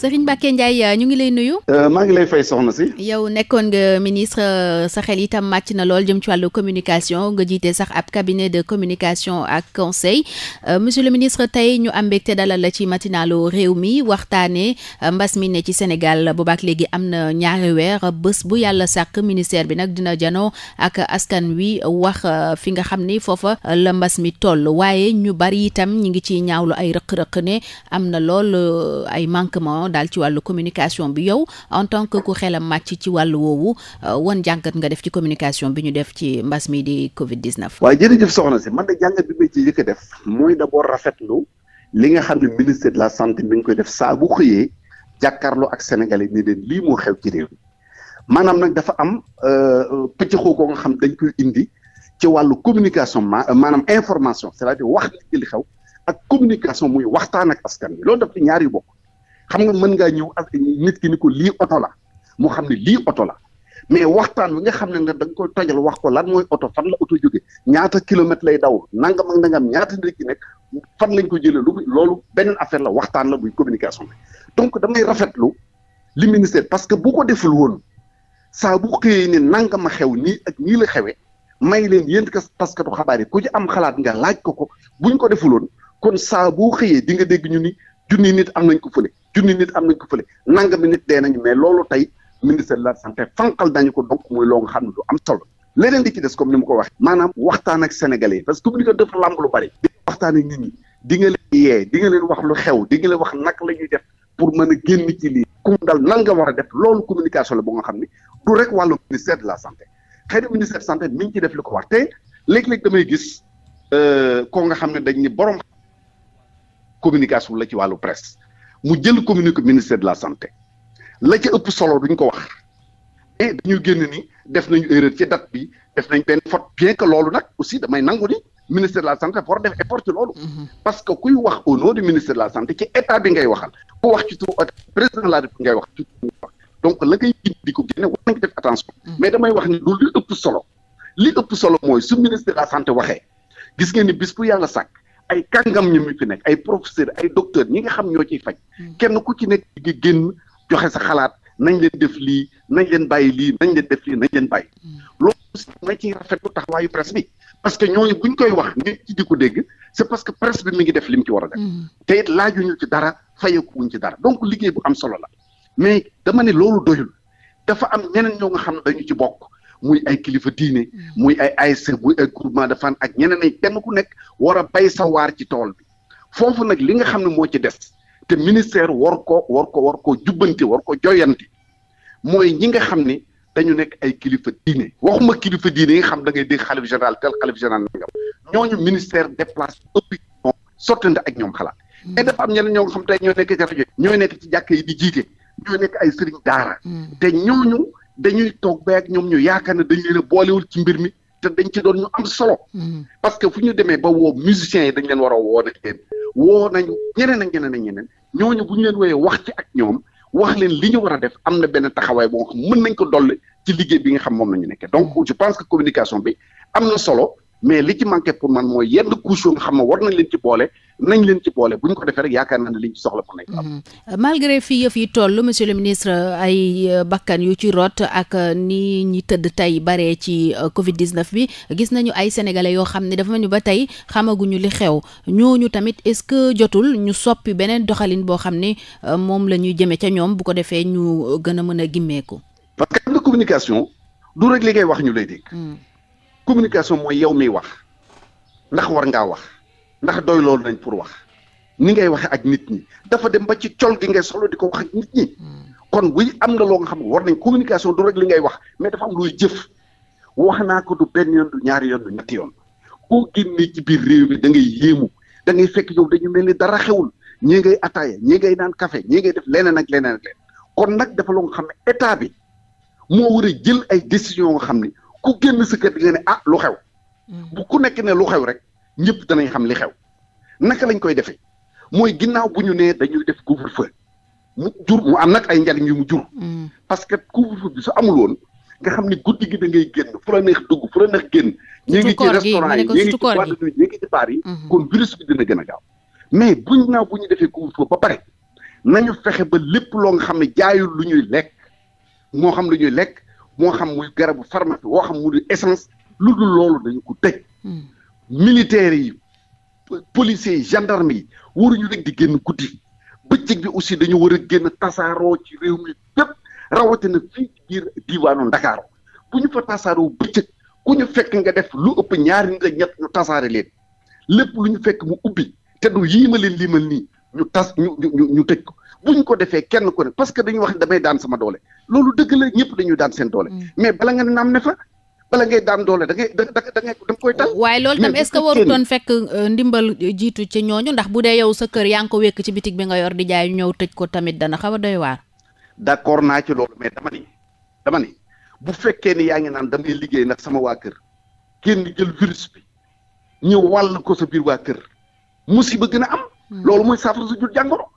Serigne Mbacké Ndiaye ñu ngi lay nuyu. Euh, maa ngi lay fay soxna si. yow nekkoon nga ministre euh, sa xel itam màcc na lool jëm ci wàllu communication nga jiite sax ab cabinet de communication ak conseil euh, monsieur le ministre tey ñu am te dalal la ci matinalu réew mi waxtaanee mbas mi ne ci Sénégal boobaak léegi am na ñaari weer bés bu yàlla sàkk ministère bi nag dina janoo ak askan wi wax fi nga xam ni foofa la mbas mi toll waaye ñu bari itam ñu ngi ciy ñaawlu ay rëq-rëq am na lool ay manquement. daal ci wàllu communication bi yow en tant que ku xelam màcc ci wàllu woowu euh, wan jàngat nga def ci communication bi ñu def ci mbas mi di Covid 19. waaye jërëjëf soxna si man de jàngat bi ma ci yëkk def mooy d'abord rafetlu li nga xam ne ministre de la santé mi ngi koy def saabu bu xëyee jàkkaarloo ak sénégalais ni leen lii moo xew ci réew mi maanaam nag dafa am euh, pëcc ko nga xam dañ koy indi ci wàllu communication euh, maanaam information c'est-à-dire wax nit xew ak communication muy waxtaan ak askan wi loolu daf bokk. xam nga mën ngaa ñëw nit ki ni ko lii oto la moo xam ne lii oto la mais waxtaan bi nga xam ne nga da nga koy tojal wax ko lan mooy oto fan la oto jóge ñaata kilomètre lay daw nangam ak nangam ñaata nit ki nekk fan lañ ko jëlee lu loolu beneen affaire la waxtaan la buy communication bi donc damay rafetlu li ministère parce que bu ko deful woon saa bu xëyee ne nangam a xew nii ak nii la xewee may leen yéen taskatu xabaar yi ku ci am xalaat nga laaj ko ko buñ ko defuloon kon saa bu xëyee di nga dégg ñu ni junni nit am nañ ko fële. junni nit am nañ ko fële nangami nit dee nañu mais loolu tey ministère de la santé fanqal dañu ko donc muy loo nga xam ne du am solo leneen di ci des comme ni mu ko waxee maanaam waxtaan ak sénégalais yi parce que communicateur dafa làmb lu bari di waxtaan ak nit leen yee di lu xew di nga leen wax nag la ñuy def pour mën a génn ci lii ku mu dal nan nga war a def loolu communication la bo nga xam ne du rek wàllu ministère de la santé xëy na ministère de santé mi ci def li ko war te léeg-léeg damay gis euh, koo nga xam ne dañ ni borom communication la ci wàllu presse mu jël communiqué ministère de la santé la ëpp solo duñ ko wax mais dañuy génn ni def nañu erreur ci date bi def nañ benn faute bien que loolu nag aussi damay nangu ni ministère de la santé war def effort ci loolu. Mhm. parce que kuy wax au nom du de la santé ci état bi ngay waxal ku wax ci turu président la République ngay wax ci turu donc la ngay di ko génne war nañ ko def attention. Mhm. mais damay wax ni lu li ëpp solo li ëpp solo mooy su ministère de la santé waxee gis ngeen ni bis bu yàlla sàkk. ay kàngam ñu mu fi nekk ay professeur ay docteur ñi nga xam ñoo ciy faj hmm. kenn ku ci nekk di génn joxe sa xalaat nañ leen def lii nañ leen bàyyi lii nañ leen def lii nañ leen bàyyi hmm. loolu aussi ma ciy rafetlu taxawaayu presse bi parce que ñooñu buñ koy wax nit ci di ko dégg c'est parce que presse bi mi ngi def li mu ci war a def hmm. te it laajuñu ci dara fayeekuwuñ ci dara donc liggéey bu am solo la mais dama ne loolu doyul dafa am ñeneen ñoo nga xam ne dañu ci bokk muy ay kilifa diine mm. muy ay ASC muy ay groupement de fan ak ñeneen ñi ku nekk bay sa ci tool foofu nag li nga xam ne moo ci des te ministère war ko war ko war koo jubbanti war ko joyanti mooy ñi nga xam ne dañu nekk ay kilifa diine waxuma kilifa diine yi nga xam da ngay dégg xalif général tel xalif général nangam ñooñu ministère déplace opinion sottante ak ñoom xalaat mais mm. dafa am ñeneen ñoo xam tey ñoo nekk ci rajo ñooy nekk ci jàkk yi di jiite ñooy nekk ay sëriñ daara mm. te ñooñu dañuy toog ba ak ñoom ñu yaakaar ne dañ leen boolewul ci mbir mi te dañ ci doon ñu am solo. Mm-hmm. parce que fu ñu demee ba woo musiciens yi dañ leen war a woo nag leen woo nañu ñeneen ak ñeneen ak ñeneen ñooñu bu ñu leen wooyee wax ci ak ñoom wax leen li ñu war a def am na benn taxawaay boo xam mën nañ ko dolli ci liggéey bi nga xam moom la ñu nekkee donc je pense que communication bi am na solo. mais li ci manqué pour man mooy yenn couche yoo nga xam ne war nañ leen ci boole nañ leen ci boole bu ñu ko defee rek yaakaar naa ne liñ ci soxla mën nañ ko am. Mm-hmm. malgré fii yëf yi toll monsieur le ministre ay euh, bakkan yu ci rot ak euh, ni ñi tëdd tey baree ci euh, Covid 19 bi gis nañu ay sénégalais yoo xam ne dafa mel ni ba tey xamaguñu li xew ñooñu tamit est-ce que jotul ñu soppi beneen doxalin boo xam ne moom la ñuy jëmee ca ñoom bu ko defee ñu gën a mën a gimmeeku. parce que am na communication du rek li ngay wax ñu lay dégg. Mm. communication mooy yow miy wax ndax war ngaa wax ndax doy loolu nañ pour wax ni ngay waxee ak nit ñi dafa dem ba ci col gi ngay solo di ko wax ak nit ñi kon buy am na loo nga xam ne war nañ communication du rek li ngay wax mais dafa am luy jëf wax naa ko du benn yoon du ñaari yoon du ñetti yoon koo génnee ci biir réew mi da ngay yéemu da ngay fekk yow dañu mel ni dara xewul ñii ngay ataaya ñii ngay naan café ñii ngay def leneen ak leneen ak leneen kon nag daf loo nga xam bi moo war jël ay décision nga xam ne ku génn sa kër ne ah lu xew. Hmm. bu ku nekk ne lu xew rek ñëpp danañ xam li xew. naka lañ koy defee mooy ginnaaw bu ñu nee dañuy def couvre-feu mu jur mu am nag ay njariñ yu mu jur. Hmm. parce que couvre-feu bi su amul woon nga xam ne guddi gi da ngay génn fu la neex dugg fu la neex génn. ñu ngi ci restaurant yi ñu ngi ci boîte de nuit ñu ngi hmm. kon virus bi dina gën a gaaw. mais buñ naaw bu ñu defee couvre-feu ba pare nañu fexe ba lépp loo nga xam ne jaayul lu ñuy lekk moo xam lu ñuy lekk. moo xam muy garabu pharmacie woo xam mu essence lu dul loolu dañu ko tëj. Hmm. militaires yi policiers yi gendarme yi waruñu génn guddi bëccëg bi aussi dañu war a génn tasaaroo ci réew mi bépp rawatina fii ci biir diwaanu Ndakaaru bu ñu fa tasaaroo bëccëg ku ñu fekk nga def lu ëpp ñaari nit ak ñett ñu tasaare leen lépp lu ñu fekk mu ubbi te du yii ma leen limal nii ñu tas ñu ñu ko bu ñu ko defee kenn ku ne parce que dañu wax damay daan sama doole loolu dëgg la ñëpp dañuy daan seen doole. Mm. mais bala nga ne naam ne fa bala ngay daan doole da ngay da da ngay da koy tal. waaye loolu euh, bu dee yow sa kër yaa ngi ko wékk ci bitig bi nga yor di jaay ñëw tëj ko tamit dana xaw a doy waar. d'accord naa ci loolu mais dama ni dama ni bu fekkee ni yaa ngi naan damay liggéey nag sama waa kër kenn jël virus bi ñu wàll ko sa biir waa kër musiba gën a am. Mm. loolu mooy saafara su jur jàngoro.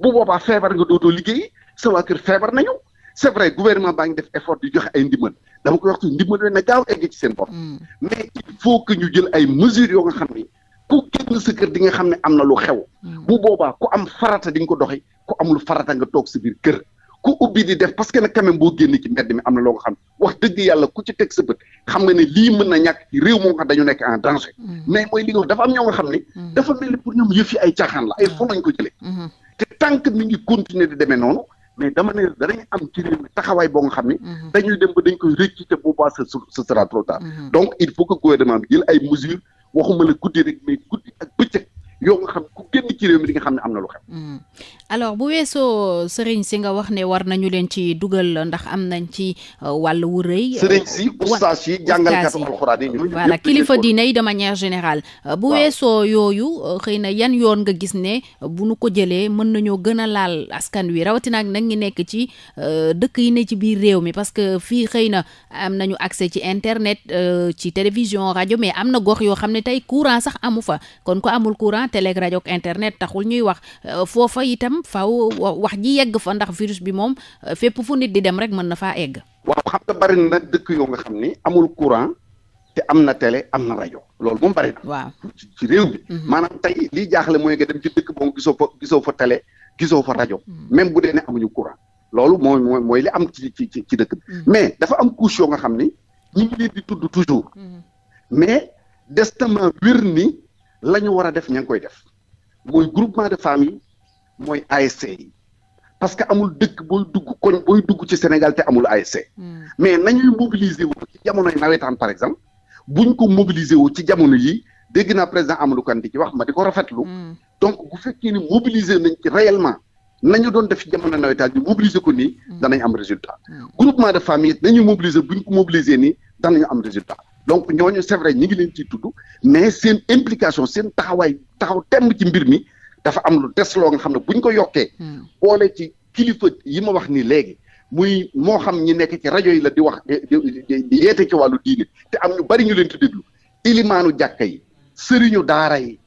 bu boobaa feebar nga dootoo liggéey sa waa feebar nañu c'est vrai gouvernement baa ngi def effort di joxe ay ndimbal dama koy wax ci ndimbal na gaaw egg ci seen bopp. Mm. mais il faut jël ay mesures yoo nga xam ne ku génn sa kër di nga xam ne am na lu xew. Mm. bu boobaa ku am farata di ko doxee ku am amul farata nga toog si biir kër. ku ubbi di def parce que nag quand boo génn ci mbedd mi am na loo nga xam wax dëgg yàlla ku ci teg sa bët xam nga ne lii mën na ñàkk réew moo nga xam nekk en danger. Mm. mais mooy li nga wax dafa am ñoo nga xam ne. dafa mel pour ñoom yëf yi ay caaxaan ah. ko te tant que mi ngi continuer di demee noonu mais dama ne danañ am ci réew mi taxawaay boo nga xam ne. Mhm. dañuy dem ba dañ koy rëcc te bu baax ce trop tard. Mhm. donc il faut que gouvernement bi jël ay mesures waxuma la guddi rek mais guddi ak bëccëg yoo nga xam ku génn ci réew mi di nga xam ne am na lu xew. Mhm. alors bu weesoo sëriñ si nga wax ne war nañu leen ci dugal ndax am nañ ci euh, wàll wu rëy. Euh, sëriñ si ustaas yi jàngalkatu alxuraan kilifa diine yi de manière générale. Euh, bu yooyu xëy na yan yoon nga gis ne bu nu ko jëlee mën nañoo gën a laal askan wi rawatina ak nag nekk ci dëkk yi ne ci biir réew mi parce que fii xëy na am nañu accès ci internet ci télévision rajo mais am na gox yoo xam ne tey courant sax amu fa kon amul courant télé rajo internet taxul ñuy wax foofa itam. moom faw wax ji yegg fa ndax virus bi moom euh, fépp fu nit di dem rek mën na faa egg. waaw xam nga bari na dëkk yoo nga xam ni amul courant te am na télé am na rajo loolu moom bari waaw ci réew bi mhm. maanaam tey li jaaxle mooy nga dem ci dëkk boobu gisoo fa gisoo fa télé gisoo fa rajo. Mhm. même bu dee ne amuñu courant. loolu mooy mooy mooy li am ci ci ci dëkk bi. Mhm. mais dafa am couche yoo nga xam ni ñu ngi leen di tudd toujours. mais destement wér ni la ñu war a def ña ngi koy def. mooy groupement de famille mooy ASC yi parce que amul dëkk booy dugg koñ booy dugg ci Sénégal te amul ASC hmm. mais nañuy mobiliser wu ci jamonoy nawetaan par exemple buñ ko mobiliser wu ci jamono yi dégg naa président Amadou Kane di ci wax ma di ko rafetlu hmm. donc bu fekkee ni mobiliser nañ ci réellement nañu doon def ci jamono nawetaan ñu mobiliser ko nii hmm. danañ am résultat groupement de famille nañu mobiliser buñ ko mobiliser nii danañu am résultat donc ñooñu c'est vrai ñu ngi leen ciy tudd mais seen implication seen taxawaay taxaw temb ci mbir mi dafa am lu des loo nga xam ne buñ ko yokkee. Hmm. boole ci kilifa yi ma wax nii léegi. muy moo xam ñi nekk ci rajo yi la di wax di yeete ci wàllu diine te am ñu bari ñu leen di déglu ilimaanu jàkka yi sëriñu daara yi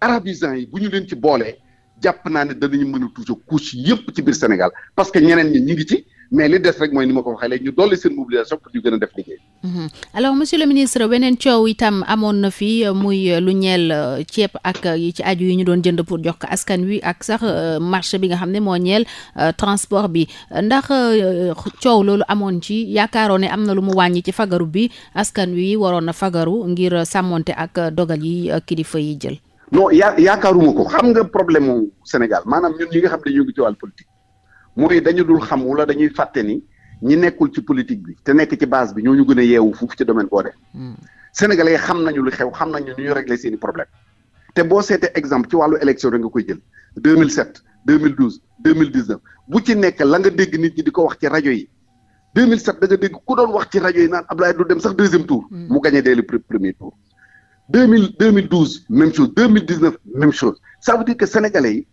arabisants yi bu ñu leen ci boolee jàpp naa ne danañu mën a toucher couche yëpp ci biir Sénégal parce que ñeneen ñi ñu ngi ci mais li des rek mooy ni ma ko waxee ñu dolli seen mobilisation pour ñu gën a def liggéey. Mhm. alors monsieur le ministre beneen coow itam amoon na fi euh, muy euh, lu ñeel euh, ceeb ak yi ci aju yi ñu doon jënd pour jox ko askan wi ak sax marché bi nga xam ne moo ñeel transport bi ndax coow loolu amoon ci yaakaaroo ne am na lu mu wàññi ci fagaru bi askan wi waroon na fagaru ngir sàmmonte ak dogal yi kilifa yi jël. non yaa yaakaaruma ko xam nga problème mu Sénégal maanaam ñun ñi nga xam ne ñu ngi ci wàllu mooy dañu dul xam wala dañuy fàtte ni ñi nekkul ci politique bi te nekk ci base bi ñoo ñu gën a yeewu foofu ci domaine boo def yi hmm. xam nañu lu xew xam nañu nu ñu régler seeni problème te boo seetee exemple ci wàllu élection rek nga koy jël 2007 2012 2019 bu ci nekk la nga dégg nit ñi di ko wax ci rajo yi 2007 da nga dégg ku doon wax ci rajo yi naan Ablaye du dem sax deuxième tour. Hmm. mu gagné dès le premier tour. 2000 2012 même chose 2019 même chose yi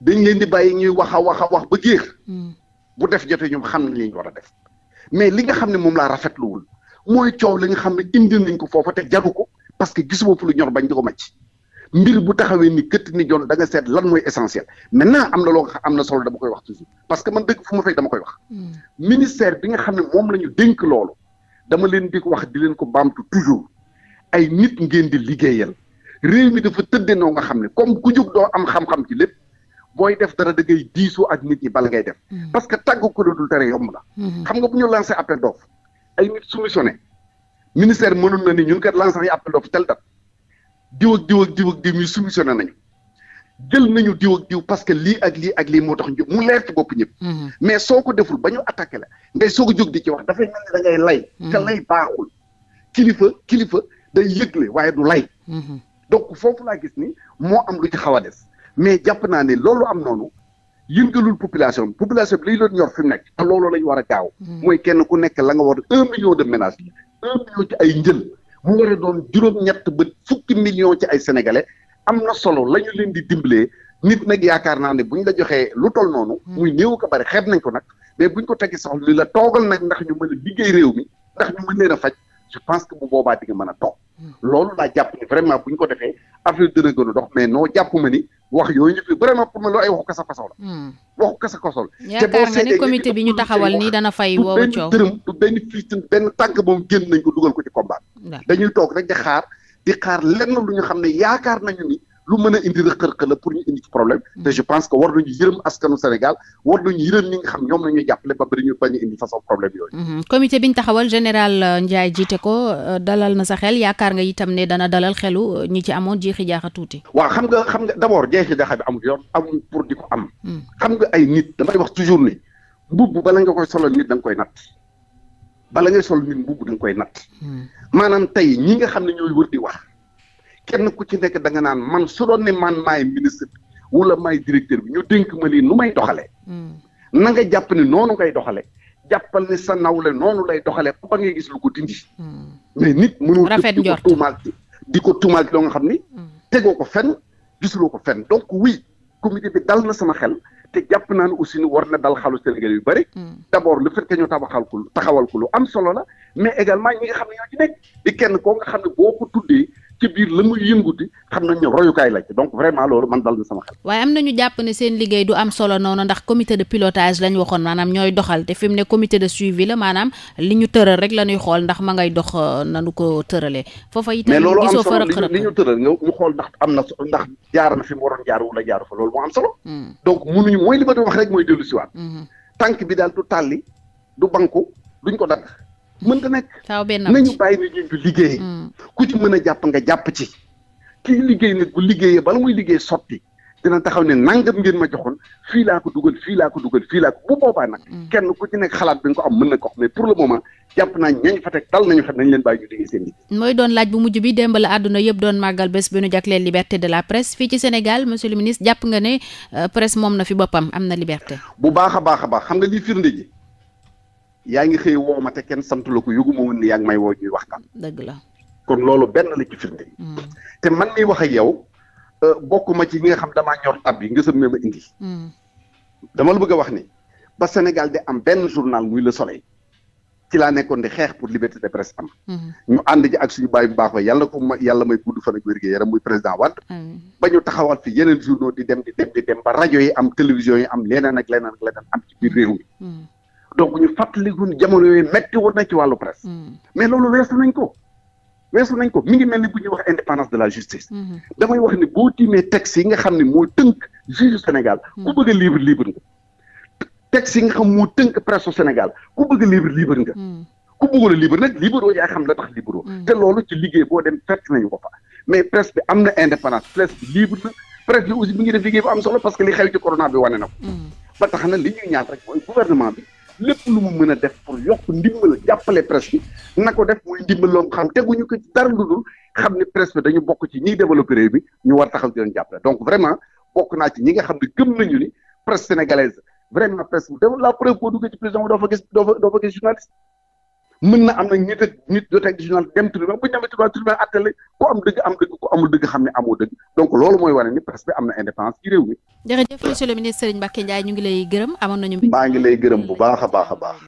dañ leen di bàyyi ñuy wax a wax a wax ba géex hmm. bu def jotee ñoom xam nañ li ñu war a def mais li nga xam ne moom laa rafetluwul mooy coow li nga xam ne indi nañ ko foofa te jagu ko parce que gisuma fu lu ñor bañ di ko màcc mbir bu taxawee ni këtt ni joon da nga seet lan mooy essentiel maintenant am na loo am na solo dama koy wax parce que man dëgg fu ma fekk dama koy wax. Hmm. ministère bi nga xam ne moom la ñu dénk loolu dama leen di ko wax di leen ko baamtu toujours ay nit ngeen di liggéeyal réew mi dafa tëddee noo nga xam ne comme ku jóg doo am xam-xam ci lépp. booy def dara da ngay diisu ak nit ñi bala ngay def. Hmm. parce que tàggu ko dul tere yomb na. Hmm. xam nga bu ñu lancé appel ay nit soumissionné ministère mënoon na ni ñun kat lancé nañu appel d'offre tel date diw ak diw ak diw ak diw ñu soumissionné nañu. jël nañu diw ak diw parce que lii ak lii ak lii moo tax mu leer ci bopp ñëpp. Hmm. mais soo ko deful ba ñu attaqué la ngay soog a jóg di ci wax dafay mel ni da ngay lay. te lay baaxul kilifa kilifa day yëgle waaye du lay. donc foofu laa gis ni moo am lu ci xaw a des. mais jàpp naa ne loolu am noonu yëngalul population bi population bi liy leen ñor fi mu nekk te loolu lañ war a gaaw hmm. mooy kenn ku nekk la nga war un million de ménage un million ci ay njël mu war a doon juróom-ñett ba fukki million ci ay sénégalais am na solo la leen di dimbalee nit nag yaakaar naa ne bu ñu la joxee lu tol noonu hmm. muy néew ko bari xeeb nañ ko nag mais bu ko tegee sax li la toogal nag ndax ñu mën a liggéey réew mi ndax ñu mën leen a faj je pense que bu boobaa di nga mën a toog hmm. loolu laa jàpp ni vraiment ko defee affaire dina gën a dox mais noo jàpp ni wax yooyu ñu fi vraiment pour man loolu ay waxu kasa kasaw la. Hmm. waxu kasa kasaw la. te boo seetee bi ñu taxawal nii dana fay woowu coow du benn dërëm benn tànk boobu génn nañ ko dugal ko ci combat. dañuy toog rek di xaar di xaar lenn lu ñu xam ne yaakaar nañu ni lu mën a indi rëq-rëq la pour ñu indi ci problème mm. te je pense que war nañu yërëm askanu Sénégal war nañu yërëm ñi nga xam ñoom nañu jàppale ba bari ñu bañ a indi façon problème yooyu mm-hmm. comité bi ñu taxawal général euh, Ndiaye jiite ko euh, dalal na sa xel yaakaar nga itam ne dana dalal xelu euh, ñi ci amoon jeexi jaaxa tuuti waa xam nga xam nga d'abord jeexi jaaxa bi amul yoon amul pour di ko am mm. xam nga ay nit damay wax toujours ni mbubb bala nga koy solo nit da nga koy natt bala ngay sol nit da nga koy natt mm. maanaam tey ñi nga xam ne ñooy wër di kenn ku ci nekk da nga naan man su doon ne man maay ministre bi wala maay directeur bi ñu dénk ma lii nu may doxalee. Hmm. na nga jàpp ne noonu ngay doxalee. jàppal ne sa nawle noonu lay doxalee ba ngay gis lu ko dindi. Hmm. mais nit mënul tëb di ko tuumaal ci di ko tuumaal ci loo nga xam ni. Hmm. tegoo ko fenn gisuloo ko fenn donc oui comité bi dal na sama xel. te jàpp naa ne aussi ni war na dal xalu Sénégal yu bëri. d' abord le fait que ñu tabaxal ko taxawal ko lu am solo la mais également ñi xam kenn koo nga ko tuddee ci biir la muy yënguti xam nañ ne royukaay la ci donc vraiment loolu man dal na sama xel. waaye am na ñu jàpp ne seen liggéey du am solo noonu ndax comité de pilotage lañ waxoon maanaam ñooy doxal te fi mu ne comité de suivi la maanaam li ñu tëral rek la ñuy xool ndax ma ngay dox na euh, nanu ko tëralee. foofa itam mais loolu am solo li ñu tëral ñu xool ndax am na ndax jaar na fi mu waroon jaar wala jaaru fa loolu moo am solo. Hmm. donc munuñu mooy li ma doon wax rek mooy dellu si waat. Hmm. tànk bi daal du tàlli du banku duñ ko dagg mën mënta nekk. taw benn nañu bàyyi nit ñi du liggéey. Mm. ku ci mën a jàpp nga jàpp ci. kii liggéey nag bu liggéeyee bala muy liggéey sotti dina taxaw ne nangam ngeen ma joxoon fii laa ko dugal fii laa ko dugal fii laa ko bu boobaa nag. Mm. kenn ku ci nekk xalaat bi nga ko am mën na ko wax mais pour le moment jàpp naa ñañ fa teg dal nañu xel nañ leen bàyyi ñu liggéey seen liggéey. mooy doon laaj bu mujj bi démb la àdduna yëpp doon màggal bés bi nu jagleel liberté de la presse fii ci Sénégal monsieur le ministre nga ne euh, presse moom na fi boppam am na liberté. bu baax a baax a baax nga li firnde yaa ngi xëy woo ma te kenn sant la ko yëgu ma woon ni yaa ngi may woo ñuy waxtaan. la kon loolu benn la ci mm. te man miy wax ak yow euh, bokk ma ci ñi nga xam damaa ñor tab yi nga sën ma indi. Mm. dama la bëgg wax ni ba Sénégal di am benn journal muy la Soleil. ci laa nekkoon di xeex pour liberté de presse am. Mm. ñu ànd ji ak suñu baay bu baax ba yàlla ko ma yàlla may gudd fan ak wér gu yaram muy président Wade. ba ñu taxawal fi yeneen journaux di dem di dem ba rajo yi am télévision yi am leneen ak leneen ak leneen am ci donc ñu fàttalikuñ jamono yooyu metti woon na ci wàllu presse. Mm. mais loolu weesu nañ ko. weesu nañ ko mi ngi mel ni ku ñuy wax indépendance de la justice. Mm-hmm. damay wax ni boo tiimee texte si nga xam ne moo tënk juge Sénégal. Mm. ku bëgg a libre libre nga. texte yi xam moo tënk presse Sénégal ku bëgg a libre libre nga. Mm. ku bëggul a libre nag yaa xam la tax libre te loolu ci liggéey boo dem fekk nañu ko fa. mais presse bi am na indépendance presse bi libre na presse bi aussi mi ngi def liggéey bu am solo parce que li xew ci corona bi wane na ko. ba bi. lépp lu mu mën a def pour yokk ndimbal jàppale presse bi na ko def muy ndimbal loo xam teguñu ko ci dara lu dul xam ne presse bi dañu bokk ci ñiy développé réew bi ñu war taxaw di leen jàppale donc vraiment bokk naa ci ñi nga xam ne gëm nañu ni presse sénégalaise vraiment presse bu dem la doo fa doo fa doo journaliste mën na am na nit ak nit dootoo ak dem tribunal bu ñu demee tribunal tribunal attale ku am dëgg am dëgg ku amul dëgg xam ne amoo dëgg donc loolu mooy wane ni presse bi am na indépendance ci réew mi. jërëjëf monsieur le ministre Serigne Mbacké Ndiaye ñu ngi lay gërëm amoon nañu. maa ngi lay gërëm bu baax a baax a baax.